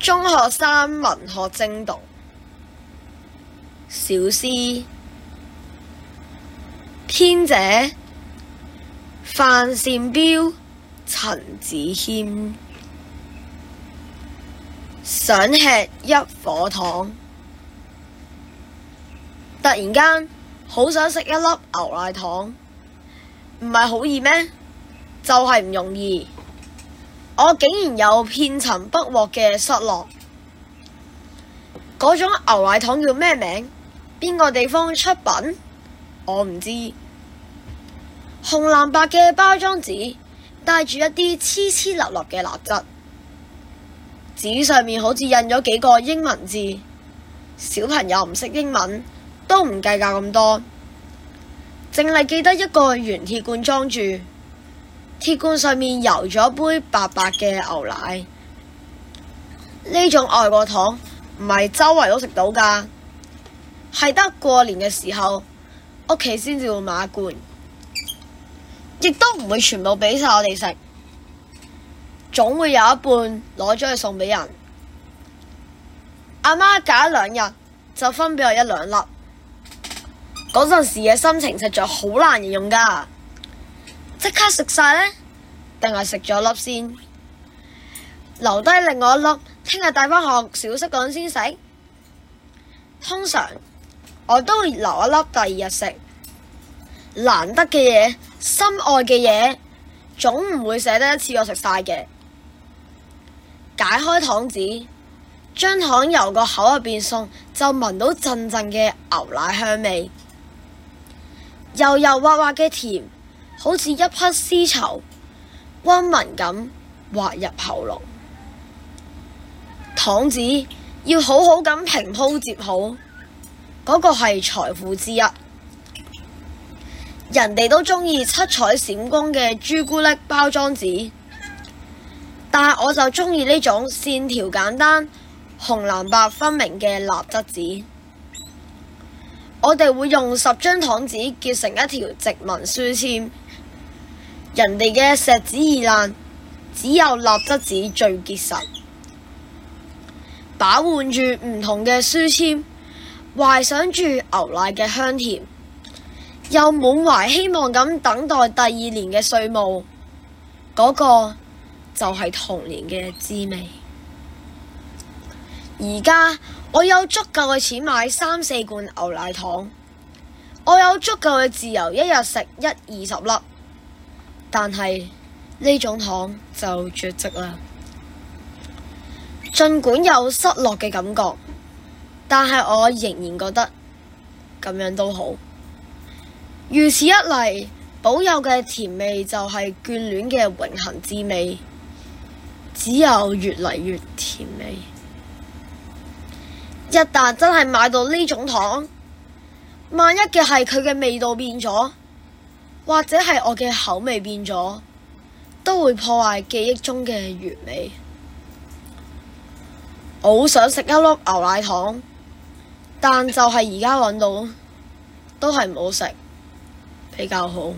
中學生文學精讀，小思編者：范善彪、陳子謙。想吃一顆糖，突然間好想食一粒牛奶糖，唔係好易咩？就係、是、唔容易。我竟然有遍尋不獲嘅失落。嗰種牛奶糖叫咩名？邊個地方出品？我唔知。紅藍白嘅包裝紙，帶住一啲黐黐立立嘅蠟質。紙上面好似印咗幾個英文字。小朋友唔識英文，都唔計較咁多。淨係記得一個圓鐵罐裝住。鐵罐上面油咗一杯白白嘅牛奶，呢種外國糖唔係周圍都食到噶，係得過年嘅時候屋企先至會買一罐，亦都唔會全部俾晒我哋食，總會有一半攞咗去送俾人。阿媽隔兩日就分俾我一兩粒，嗰陣時嘅心情實在好難形容噶。即刻食晒呢？定係食咗粒先，留低另外一粒聽日帶返學小息嗰陣先食。通常我都會留一粒第二日食。難得嘅嘢，心愛嘅嘢，總唔會捨得一次過食晒嘅。解開糖紙，將糖由個口入邊送，就聞到陣陣嘅牛奶香味，柔柔滑滑嘅甜。好似一匹絲綢，均勻咁滑入喉嚨。糖紙要好好咁平鋪接好，嗰、嗰個係財富之一。人哋都鍾意七彩閃光嘅朱古力包裝紙，但係我就鍾意呢種線條簡單、紅藍白分明嘅蠟質紙。我哋會用十張糖紙結成一條直紋書籤。人哋嘅石子易爛，只有蠟質紙最結實。把玩住唔同嘅書籤，懷想住牛奶嘅香甜，又滿懷希望咁等待第二年嘅歲暮，嗰個就係童年嘅滋味。而家我有足夠嘅錢買三四罐牛奶糖，我有足夠嘅自由，一日食一二十粒。但係呢種糖就絕跡啦。盡管有失落嘅感覺，但係我仍然覺得咁樣都好。如此一嚟，保有嘅甜味就係眷戀嘅永恒之味，只有越嚟越甜美。一旦真係買到呢種糖，萬一嘅係佢嘅味道變咗。或者係我嘅口味變咗，都會破壞記憶中嘅完美。我好想食一粒牛奶糖，但就係而家揾到都係唔好食，比較好。